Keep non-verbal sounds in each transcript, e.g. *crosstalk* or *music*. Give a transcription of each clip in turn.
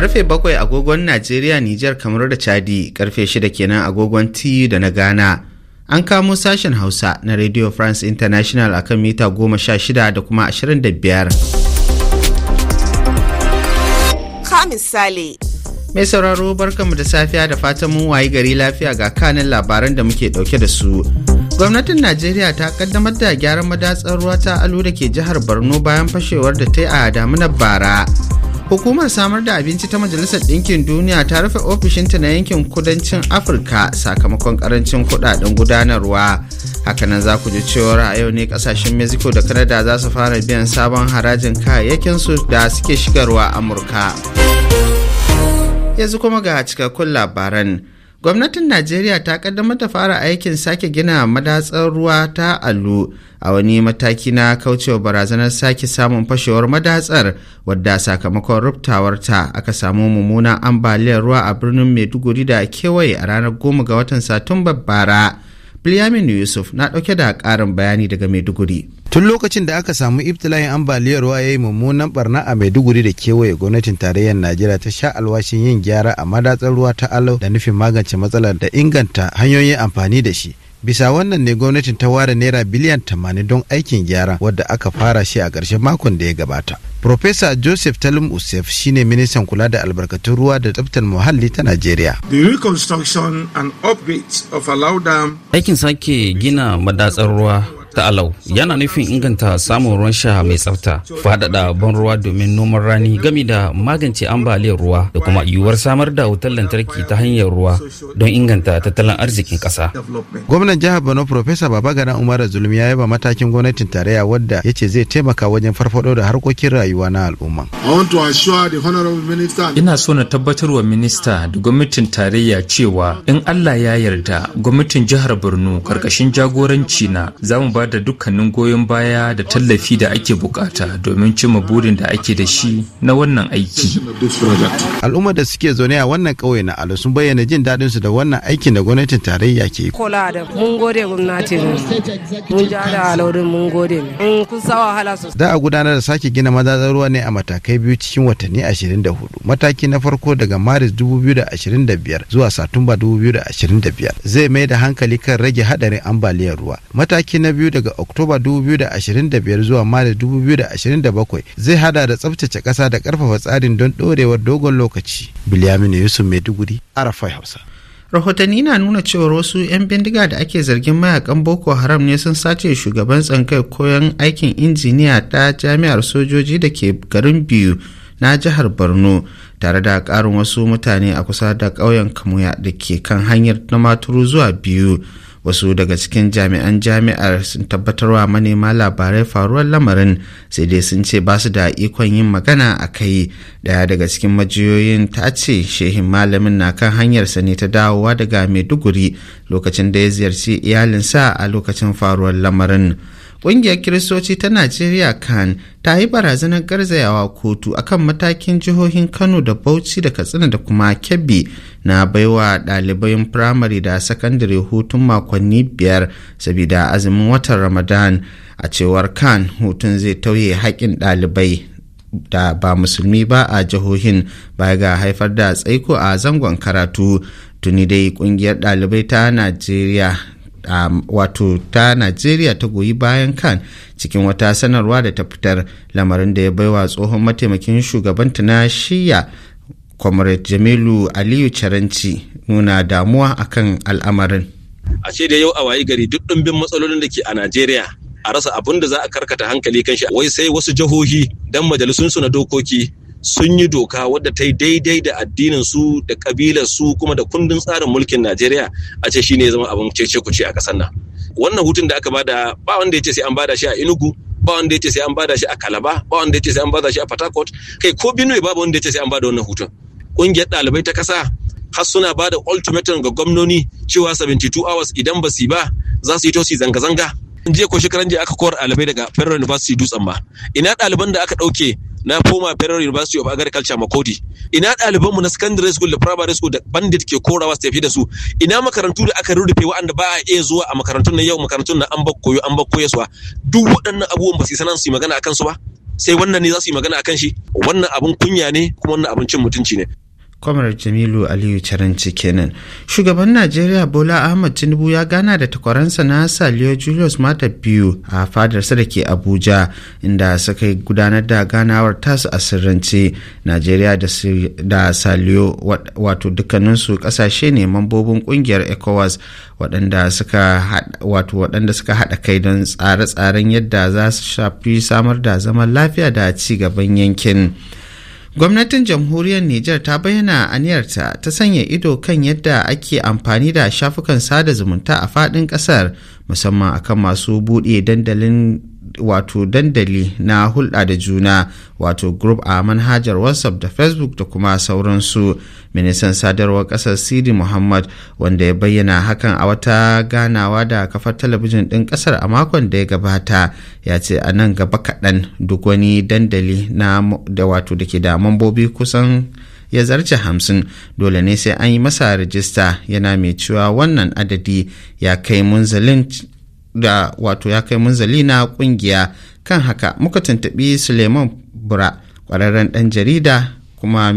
Karfe bakwai agogon Najeriya, Nijar, kamar da Chadi, karfe shida kenan agogon T da na Ghana. An kamo sashen Hausa na Radio France International a kan mita goma sha shida da kuma ashirin da biyar. Ka misali. Mai sauraro barkanmu da safiya da fatan mun wayi gari lafiya ga kanin labaran da muke dauke da su. Gwamnatin Najeriya ta kaddamar da gyaran madatsar ruwa ta alu da ke jihar Borno bayan fashewar da ta yi a damunar bara. Hukumar samar da abinci ta Majalisar Ɗinkin Duniya ta rufe ofishinta na yankin kudancin Afirka sakamakon karancin kudaden gudanarwa. Hakanan za ku ji cewa a yau ne kasashen Mexico da Canada za su fara biyan sabon harajin kayayyakin su da suke shigarwa Amurka. Yanzu kuma ga cikakkun labaran. gwamnatin najeriya ta kaddamar da fara aikin sake gina madatsar ruwa ta allu a wani mataki na kaucewa barazanar sake samun fashewar madatsar wadda sakamakon ruptawarta aka samu mummunan ambaliyar ruwa a birnin maiduguri da kewaye a ranar 10 ga watan satumba bara Bilyamin Yusuf na ɗauke da ƙarin bayani daga Maiduguri. Tun lokacin da aka samu iftilayin ambaliyar ruwa ya yi mummunan barna a Maiduguri da kewaye gwamnatin tarayyar Najeriya ta sha alwashin yin gyara a madatsar ruwa ta Alau da nufin magance matsalar da inganta hanyoyin amfani da shi. bisa wannan ne gwamnatin ta ware naira biliyan tamanin don aikin gyara wadda aka fara shi a ƙarshen makon da ya gabata Profesa Joseph Talim Usef shine ministan kula da albarkatun ruwa da tsaftar muhalli ta Najeriya. The reconstruction and upgrades of Allow Dam. Aikin sake gina madatsar ruwa ta Alau yana nufin inganta samun ruwan sha mai tsafta, faɗaɗa ban ruwa domin noman rani gami da magance ambaliyar ruwa da kuma yiwuwar samar da wutar lantarki ta hanyar ruwa don inganta tattalin arzikin ƙasa. Gwamnan jihar Borno Profesa Babagana Umar zulum ya yaba matakin gwamnatin tarayya wadda ya ce zai taimaka wajen farfaɗo da harkokin rayuwa na al'umma. Ina so na tabbatar wa minista da gwamnatin tarayya cewa in Allah ya yarda gwamnatin jihar Borno karkashin jagoranci na za mu ba da dukkanin goyon baya da tallafi da ake bukata domin cimma burin da ake da shi na wannan aiki. Al'ummar da suke zaune a wannan ƙauye na Alu sun bayyana jin daɗin su da wannan aikin da gwamnatin tarayya ke. Kola da mun gode gwamnati mun ja da alaurin mun gode mun sa wahala sosai. Za a gudanar da sake gina madatsar ruwa ne a matakai biyu cikin watanni 24. Mataki na farko daga Maris 2025 zuwa Satumba 2025 zai mai da hankali kan rage haɗarin ambaliyar ruwa. Mataki na biyu biyu daga Oktoba 2025 zuwa Maris 2027 zai hada da tsabtace ƙasa da ƙarfafa tsarin don ɗorewar dogon lokaci. Bilyamin Yusuf Maiduguri, Arafai Hausa. rahotanni na nuna cewar wasu 'yan bindiga da ake zargin mayakan boko haram ne sun sace shugaban tsankai koyon aikin injiniya ta jami'ar sojoji da ke garin biyu na jihar borno tare da karin wasu mutane a kusa da ƙauyen kamuya da ke kan hanyar na maturu zuwa biyu wasu daga cikin jami'an jami'ar sun tabbatarwa manema labarai faruwar lamarin sai dai sun ce ba su da ikon yin magana a kai daya daga cikin majiyoyin ta ce shehin malamin na kan hanyarsa ne ta dawowa daga maiduguri lokacin da ya ziyarci iyalinsa a lokacin faruwar lamarin Ƙungiyar Kiristoci ta Najeriya kan ta yi barazanar garzayawa kotu akan matakin jihohin Kano da Bauchi da Katsina da kuma Kebbi na baiwa ɗalibayin firamare da sakandare hutun makonni biyar sabida azumin watan Ramadan a cewar kan hutun zai tauye haƙƙin ɗalibai da ba musulmi ba a jihohin baya ga haifar da tsaiko a zangon karatu tuni dai ƙungiyar ɗalibai ta najeriya um, wato ta najeriya ta goyi bayan kan cikin wata sanarwa da ta fitar lamarin da ya baiwa tsohon mataimakin shugabanta na shiya comrade jamilu aliyu caranci nuna damuwa akan al'amarin a ce da yau a wayi gari duk ɗumbin matsalolin da ke a najeriya a rasa abun da za a karkata hankali kan shi wai sai wasu jihohi dan majalisunsu na dokoki sun yi doka wadda ta yi daidai da addinin su da kabilar su kuma da kundin tsarin mulkin Najeriya a ce shine ya zama abin cece kuce a kasar nan wannan hutun da aka bada ba wanda ya ce sai an bada shi a Enugu ba wanda ya ce sai an bada shi a Kalaba ba wanda ya ce sai an bada shi a Port Harcourt kai ko Benue babu wanda ya ce sai an bada wannan hutun kungiyar ɗalibai ta ƙasa har suna ba da ultimatum ga gwamnoni cewa 72 hours idan ba su ba za su yi tosi zanga-zanga. jiya ko shekaran jiya aka kowar ɗalibai daga federal university dutsen ba ina ɗaliban da aka ɗauke na former Federal University of Agriculture Makodi ina ɗaliban mu na secondary school da primary school da bandit ke korawa su tafi da su ina makarantu da aka rurrufe wa'anda ba a iya zuwa a makarantun na yau makarantun na an bar koyo an bar suwa duk waɗannan abubuwan ba su sanan su yi magana akan su ba sai wannan ne za su yi magana akan shi wannan abun kunya ne kuma wannan abun cin mutunci ne kwamar jamilu aliyu caranci kenan shugaban najeriya bola ahmad tinubu ya gana da takwaransa na saliyo julius mata biyu a fadarsa da ke abuja inda suka gudanar da ganawar tasu a sirrance najeriya da saliyo wato dukkaninsu kasashe ne mambobin kungiyar ecowas waɗanda suka haɗa kai don tsare-tsaren yadda za su shafi samar da zaman lafiya da ci gaban yankin. Gwamnatin jamhuriyar Nijar ta bayyana aniyarta ta sanya ido kan yadda ake amfani da shafukan sada zumunta a faɗin ƙasar musamman akan masu buɗe dandalin wato dandali na hulɗa da juna wato group a manhajar whatsapp da facebook da kuma sauransu ministan sadarwar ƙasar sidi muhammad wanda ya bayyana hakan a wata ganawa da kafar talabijin ɗin ƙasar a makon da ya gabata ya ce a nan gaba kaɗan duk wani dandali na da wato da ke da mambobi kusan ya zarce hamsin dole ne sai an yi masa rajista yana mai cewa wannan adadi ya kai munzalin da wato ya kai munzali na kungiya kan haka muka tuntuɓi suleiman bura ƙwararren ɗan jarida kuma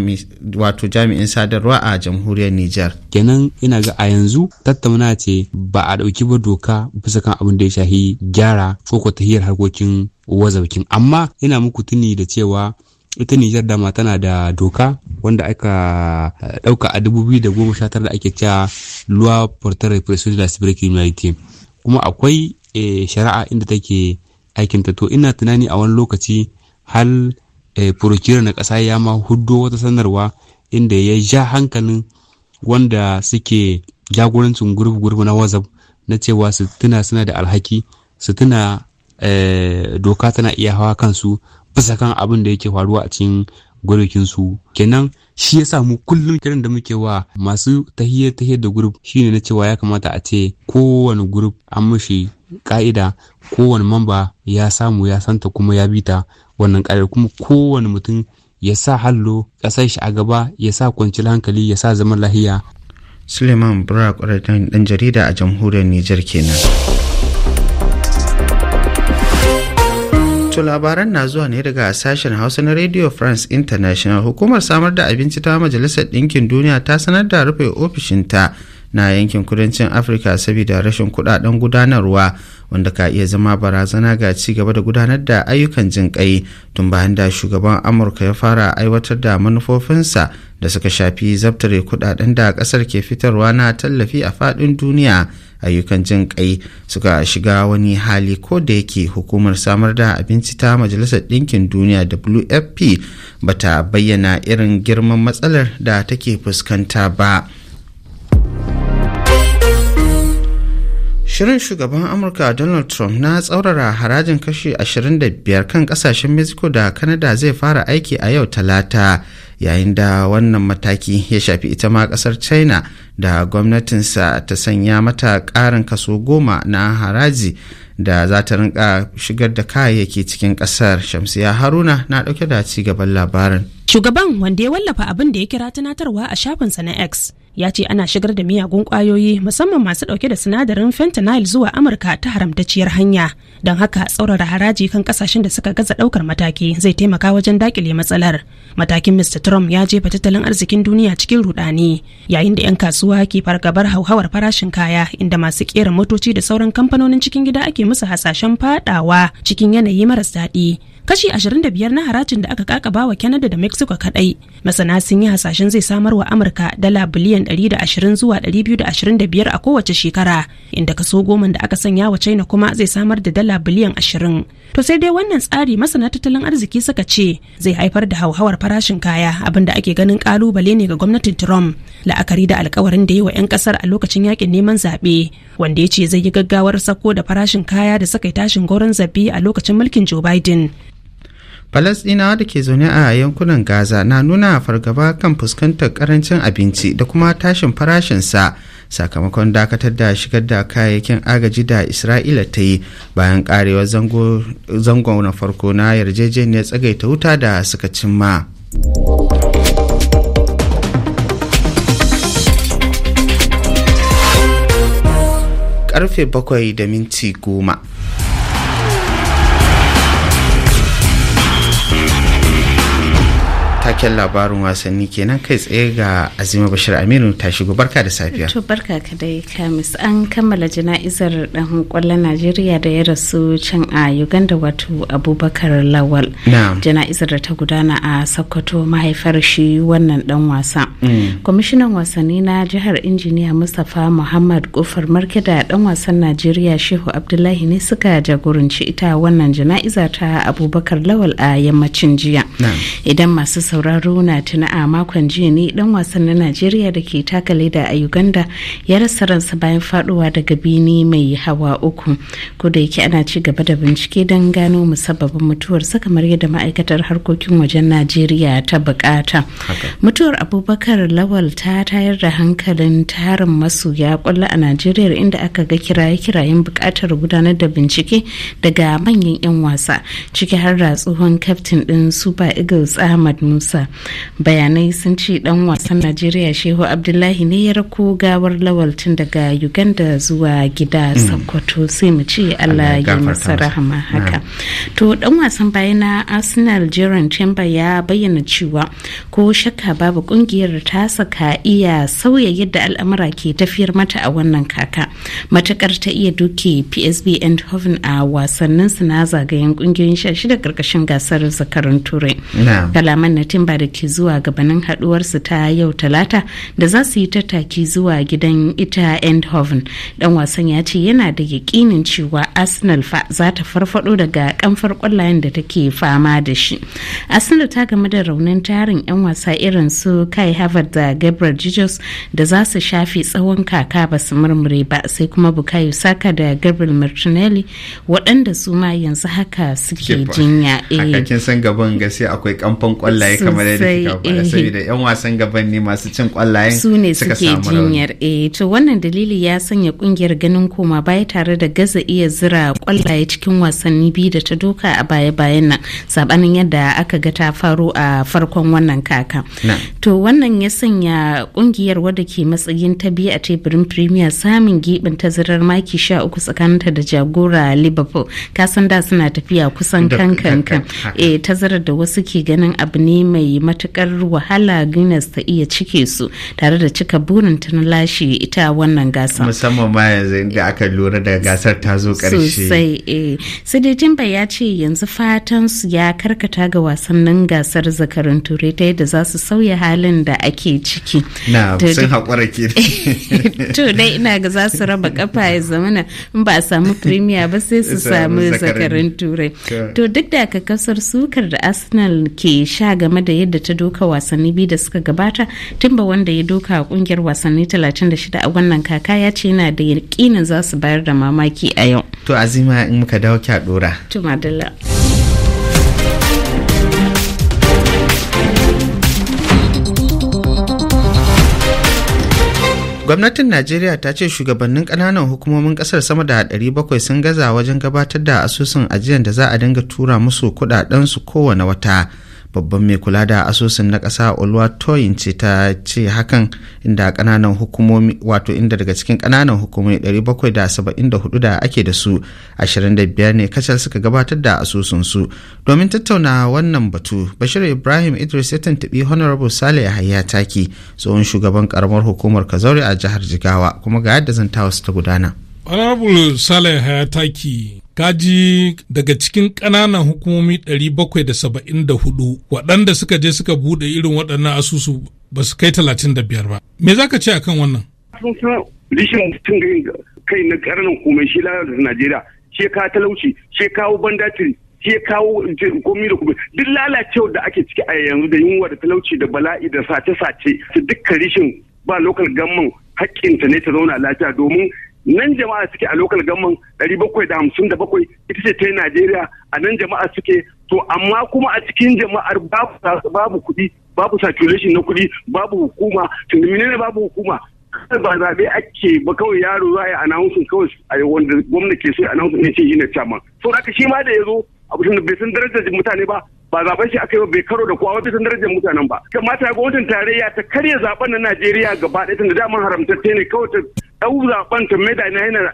wato jami'in sadarwa a jamhuriyar Nijar. Kenan ina ga a yanzu tattauna ce ba a ɗauki ba doka bisa kan abin da ya shahi gyara ko ko tahiyar harkokin wazaukin amma ina muku tuni da cewa ita Nijar dama tana da doka wanda aka eh, ɗauka a 2019 da ake cewa loi portant repression de la kuma akwai eh, shari'a inda take aikinta to ina tunani a wani lokaci hal eh, procurator na ƙasa ya ma huddo wata sanarwa inda ya ja hankalin wanda suke jagorancin gurbi-gurbi na wazab na cewa su tuna suna da alhaki su tuna eh, doka tana iya hawa kansu bisa kan abin da yake faruwa a cikin gonakin su kenan shi yasa mu kullum kiran da muke wa masu tahiyya tahiyya da group shine na cewa ya kamata a ce kowane group an mushi ka'ida kowane mamba ya samu ya santa kuma ya bita wannan ka'idar kuma kowane mutum ya sa hallo ƙasar shi a gaba ya sa kwanciyar hankali ya sa zaman lahiya suleiman burak kwarai ɗan jarida a jamhuriyar nijar kenan To labaran na zuwa ne daga sashen Hausa na Radio France International. Hukumar samar da abinci ta Majalisar Ɗinkin Duniya ta sanar da rufe ofishinta na yankin kudancin Afirka saboda rashin kudaden gudanarwa wanda ka iya zama barazana ga ci gaba da gudanar da ayyukan jin kai tun bayan da shugaban Amurka ya fara aiwatar da manufofinsa da suka shafi zabtare kudaden da ƙasar ke fitarwa na tallafi a faɗin duniya. ayyukan jin kai suka shiga wani hali ko da yake hukumar samar da abinci ta majalisar ɗinkin duniya wfp bata bayyana irin girman matsalar da take fuskanta ba. Shirin shugaban Amurka Donald Trump na tsaurara harajin kashi 25 kan kasashen Mexico da kanada zai fara aiki a yau talata yayin da wannan mataki ya shafi ita ma kasar China da gwamnatinsa ta sanya mata ƙarin kaso goma na haraji da za ta rinka shigar da kayayyaki cikin kasar shamsiya haruna na ɗauke da ci gaban labarin shugaban wanda ya wallafa abin da ya kira tunatarwa a shafinsa na x ya ce ana shigar da miyagun kwayoyi musamman masu dauke da sinadarin fentanyl zuwa amurka ta haramtacciyar hanya don haka tsaurara haraji kan kasashen da suka gaza daukar mataki zai taimaka wajen dakile matsalar matakin mr trump ya jefa tattalin arzikin duniya cikin rudani yayin da 'yan kasuwa ke fargabar hauhawar farashin kaya inda masu kera motoci da sauran kamfanonin cikin gida ake musu hasashen fadawa cikin yanayi maras daɗi kashi 25 na harajin da aka kakaba wa Canada da Mexico kadai. Masana sun yi hasashen zai samar wa Amurka dala biliyan 120 zuwa 225 a kowace shekara, inda kaso goma da aka sanya wa China kuma zai samar da dala biliyan 20. To sai dai wannan tsari masana tattalin arziki suka ce zai haifar da hauhawar farashin kaya abinda ake ganin kalubale ne ga gwamnatin Trump, la'akari da alkawarin da yi wa 'yan kasar a lokacin yakin neman zaɓe, wanda ya ce zai yi gaggawar sako da farashin kaya da suka yi tashin goron zabi a lokacin mulkin Joe Biden. falasɗinawa da ke zaune a yankunan gaza na nuna fargaba kan fuskantar karancin abinci da kuma tashin farashinsa sakamakon dakatar da shigar da kayayyakin agaji da isra'ila ta yi bayan karewar zango na farko na yarjejeniyar tsagaita wuta da suka cimma karfe bakwai da minti goma taken labarin wasanni kenan kai tsaye ga azima bashir aminu ta shigo barka da safiya to barka ka dai kamis an kammala jana'izar dan kwallon najeriya da ya rasu can a uganda wato abubakar lawal jana'izar da ta gudana a sokoto mahaifar shi wannan dan wasa mm. kwamishinan wasanni na jihar injiniya mustapha muhammad kofar marke da dan wasan najeriya shehu abdullahi ne suka jagoranci ita wannan jana'iza ta abubakar lawal a yammacin jiya idan masu sauraro na tuna a makon jiya ne dan wasan na Najeriya da ke taka leda a Uganda ya rasa ransa bayan faduwa daga bini mai hawa uku. Ko da yake ana ci gaba da bincike don gano musabbabin sa kamar yadda ma'aikatar harkokin wajen Najeriya ta bukata. Mutuwar Abubakar Lawal ta tayar da hankalin tarin masu ya kwallo a Najeriya inda aka ga kiraye-kirayen bukatar gudanar da bincike daga manyan 'yan wasa ciki har da tsohon kaftin din Super Eagles Ahmad Musa. Bayanai sun ce dan wasan Najeriya Shehu Abdullahi ne ya rako gawar lawal tun daga Uganda zuwa gida hmm. Sokoto sai mu ce Allah ya masa rahama hmm. haka. To ɗan wasan baya na Arsenal Jiran Chamber ya bayyana cewa ko shakka babu kungiyar ta saka iya sauya yadda al'amura ke tafiyar mata a wannan kaka. Matakar ta iya duke PSV Eindhoven a wasannin su na zagayen kungiyoyin 16 karkashin gasar zakarun Turai. Kalaman na ba da ke zuwa gabanin haduwarsu ta yau talata da za su yi tattaki zuwa gidan ita endhoven dan wasan ya ce yana da yakinin cewa arsenal fa za ta farfado daga kamfar kwallayen da take fama da shi arsenal ta game da raunin tarin yan wasa irin su kai harvard da gabriel jesus da za su shafi tsawon kaka ba su murmure ba sai kuma bukayo saka da gabriel martinelli waɗanda su ma yanzu haka suke jinya eh san gaban gaskiya akwai kamfan kwallaye kamar yadda kika faɗa saboda eh. yan wasan ne masu cin kwallayen su ne suke jinyar eh to wannan dalili ya sanya kungiyar ganin koma baya tare da gaza iya zira kwallaye cikin wasanni biyu da ta doka a baya-bayan nan sabanin yadda aka ga ta faru a farkon wannan kaka to wannan ya sanya kungiyar wadda ke matsayin ta biyu a teburin premier samun gibin tazarar maki sha uku tsakaninta da jagora liverpool kasan da suna tafiya kusan kan kan kan eh tazarar da wasu ke ganin abu ne mai matukar wahala Guinness ta iya cike su tare da cika burin ta na lashe ita wannan gasar. Musamman ma yanzu inda aka lura da gasar ta zo karshe Sosai eh. jimba ya ce yanzu fatan su ya karkata ga wasannin gasar zakarin turai ta yadda za su sauya halin da ake ciki. Na sun haƙura ke. *laughs* To dai ina ga za su raba kafa ya zamana in ba a samu premier ba sai su samu zakarin turai. To duk da ka kasar sukar da Arsenal ke sha game game da yadda ta doka wasanni biyu da suka gabata timba wanda ya doka a kungiyar wasanni 36 a wannan kaka ya ce yana da yakinin za su bayar da mamaki a yau to azima in muka dawo kya dora gwamnatin najeriya ta ce shugabannin kananan hukumomin kasar sama da 700 sun gaza wajen gabatar da asusun ajiyar da za a dinga tura musu kudaden su kowane wata babban mai kula da asusun na ƙasa olwatoyin ce ta ce hakan inda ƙananan hukumomi wato inda daga cikin ƙananan hukumomi 774 da ake da su 25 ne kacal suka gabatar da asusunsu domin tattauna wannan batu bashir ibrahim idris ya tuntuɓi honorable sale yahaya taki tsohon shugaban karamar hukumar kazauri a jihar jigawa kuma ga yadda zantawa su ta gudana honorable Saleh yahaya kaji daga cikin ƙananan hukumomi 774 waɗanda suka je suka buɗe irin waɗannan asusu ba su kai 35 ba me za ka ce a kan wannan rishin kai na ƙaranan hukumai shi lalata najeriya shi kawo talauci shi kawo bandatiri shi kawo komi da kuma duk lalacewa da ake ciki a yanzu da yunwa da talauci da bala'i da sace-sace su dukkan rishin ba lokal gamman hakkinta ne ta zauna lafiya domin nan jama'a suke a lokal gamman ɗari bakwai da hamsin da bakwai ita ce ta yi najeriya a nan jama'a suke to amma kuma a cikin jama'ar babu kuɗi babu saturation na kuɗi babu hukuma tunda ne babu hukuma ba zaɓe ake ba kawai yaro za a yi announcing kawai wanda gwamna ke so announcing ne ce yi na caman. so haka shi ma da ya zo abu da bai san darajar mutane ba ba zaɓen shi aka yi bai karo da kowa bai san darajar mutanen ba kamata wajen tarayya ta karya zaɓen na Najeriya gaba ɗaya tunda daman haramtatte ne kawai ɗau zaɓen ta mai da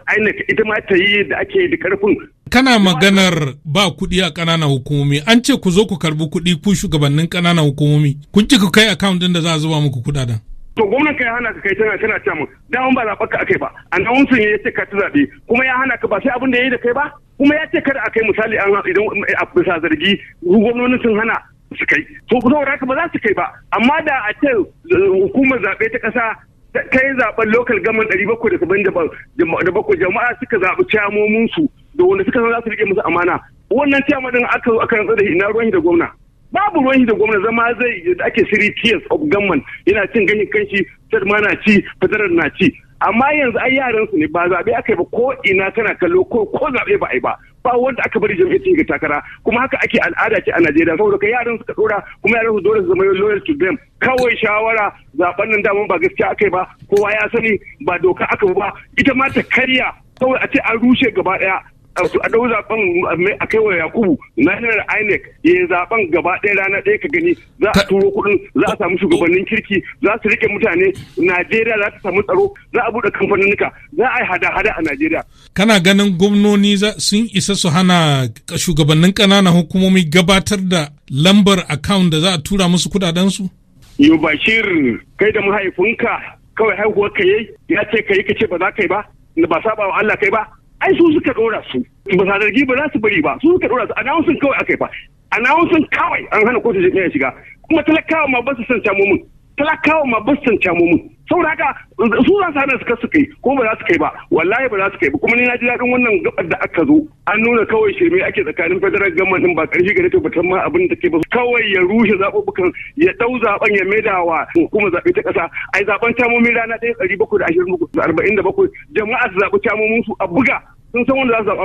ainihin ita ma ta yi da ake da karfin. Kana maganar ba kuɗi a ƙananan hukumomi an ce ku zo ku karbi kuɗi ku shugabannin ƙananan hukumomi kun ci ku kai akawun ɗin da za a zuba muku kuɗaɗen. to gwamnan ka ya hana ka kai tana tana ce mu dama ba zaɓar ka akai ba annabin sun ya ce ka ta zaɓe kuma ya hana ka ba sai abin da ya yi da kai ba kuma ya ce kada a kai misali an idan a bisa zargi gwamnonin sun hana su kai to saboda haka ba za su kai ba amma da a ce eh, hukumar zaɓe ta ƙasa ta yi zaben local government ɗari bakwai da da bakwai jama'a suka zaɓi camomin su da wanda suka san za su rike musu amana wannan ciyaman din aka aka rantsar da ina ruwan da gwamna babu ruwan da gwamna zama zai da ake shiri tears of government yana cin ganyen kanshi sad ma na ci fadarar na ci amma yanzu ai yaran su ne ba zaɓe aka yi ba ko ina kana kallo ko zaɓe ba yi ba ba wanda aka bari jam'iyyar ta ga takara kuma haka ake al'ada ce a Najeriya saboda kai yaran suka dora kuma yaran su dole su zama loyal to them kawai shawara zaben nan daman ba gaskiya akai ba kowa ya sani ba doka aka ba ita ma ta karya kawai a ce an rushe gaba daya a dau zaben a kai wa yakubu nahirar inec ya yi zaben gaba ɗaya rana ɗaya ka gani za a turo kuɗin za a samu shugabannin kirki za su rike mutane najeriya za ta samu tsaro za a buɗe kamfaninnika za a yi hada-hada a najeriya kana ganin gwamnoni sun isa su hana shugabannin ƙananan hukumomi gabatar da lambar account da za a tura musu kuɗaɗensu? yo bashir kai da mahaifinka kawai haihuwar ka yi ya ce ka yi ka ce ba za ka yi ba ba saba wa Allah kai ba ai su suka dora su ba sa zargi ba za su bari ba su suka dora su announcing kawai akai fa announcing kawai an hana kotu ya shiga kuma talakawa ma ba su san samu mun talakawa ma ba su mu mun saboda haka su za su hana su kasu kai ko ba za su kai ba wallahi ba za su kai ba kuma ni na ji daɗin wannan gabar da aka zo an nuna kawai shirme ake tsakanin federal government ba karfi gare ta batan ma abin da take ba kawai ya rushe zaɓuɓɓukan ya ɗau zaɓen ya maida wa hukumar zaɓe ta ƙasa ai zaɓen tamomin rana ɗaya ɗari bakwai da ashirin da arba'in da bakwai jama'a su zaɓi camomin su a buga sun san wanda za su zaɓa